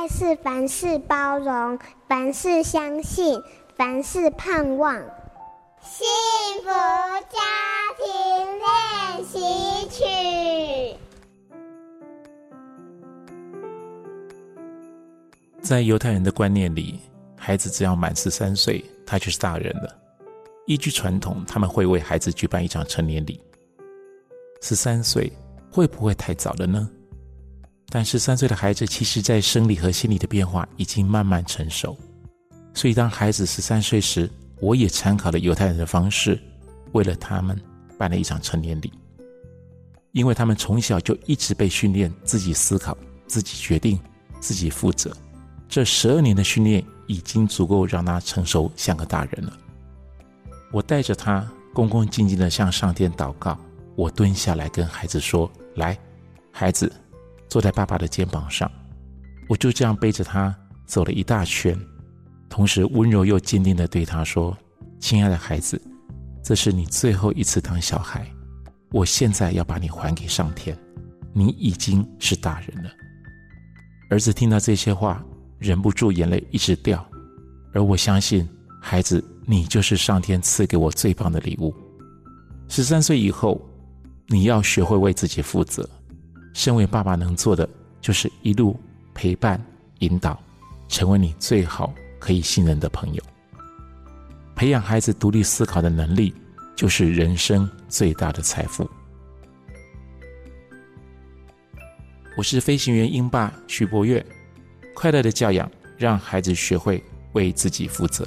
愛是凡事包容，凡事相信，凡事盼望。幸福家庭練習曲。在猶太人的觀念裡，孩子只要滿十三歲，他就是大人了。依據傳統，他們會為孩子舉辦一場成年禮。十三歲會不會太早了呢？但是三歲的孩子，其實在生理和心理的變化已經慢慢成熟。所以當孩子十三歲時，我也參考了猶太人的方式，為了他們辦了一場成年禮。因為他們從小就一直被訓練自己思考、自己決定、自己負責，這十二年的訓練已經足夠讓他成熟像個大人了。我帶着他恭恭敬敬地向上天禱告。我蹲下來跟孩子說：“來，孩子。”坐在爸爸的肩膀上，我就這樣背着他走了一大圈，同時溫柔又堅定的對他說：“親愛的孩子，這是你最後一次當小孩，我現在要把你還給上天，你已經是大人了。”兒子聽到這些話，忍不住眼淚一直掉，而我相信，孩子，你就是上天賜給我最棒的禮物。十三歲以後，你要學會為自己負責。身為爸爸，能做的就是一路陪伴、引導，成為你最好可以信任的朋友。培養孩子獨立思考的能力，就是人生最大的財富。我是飛行員鷹爸徐柏岳，快樂的教養，讓孩子學會為自己負責。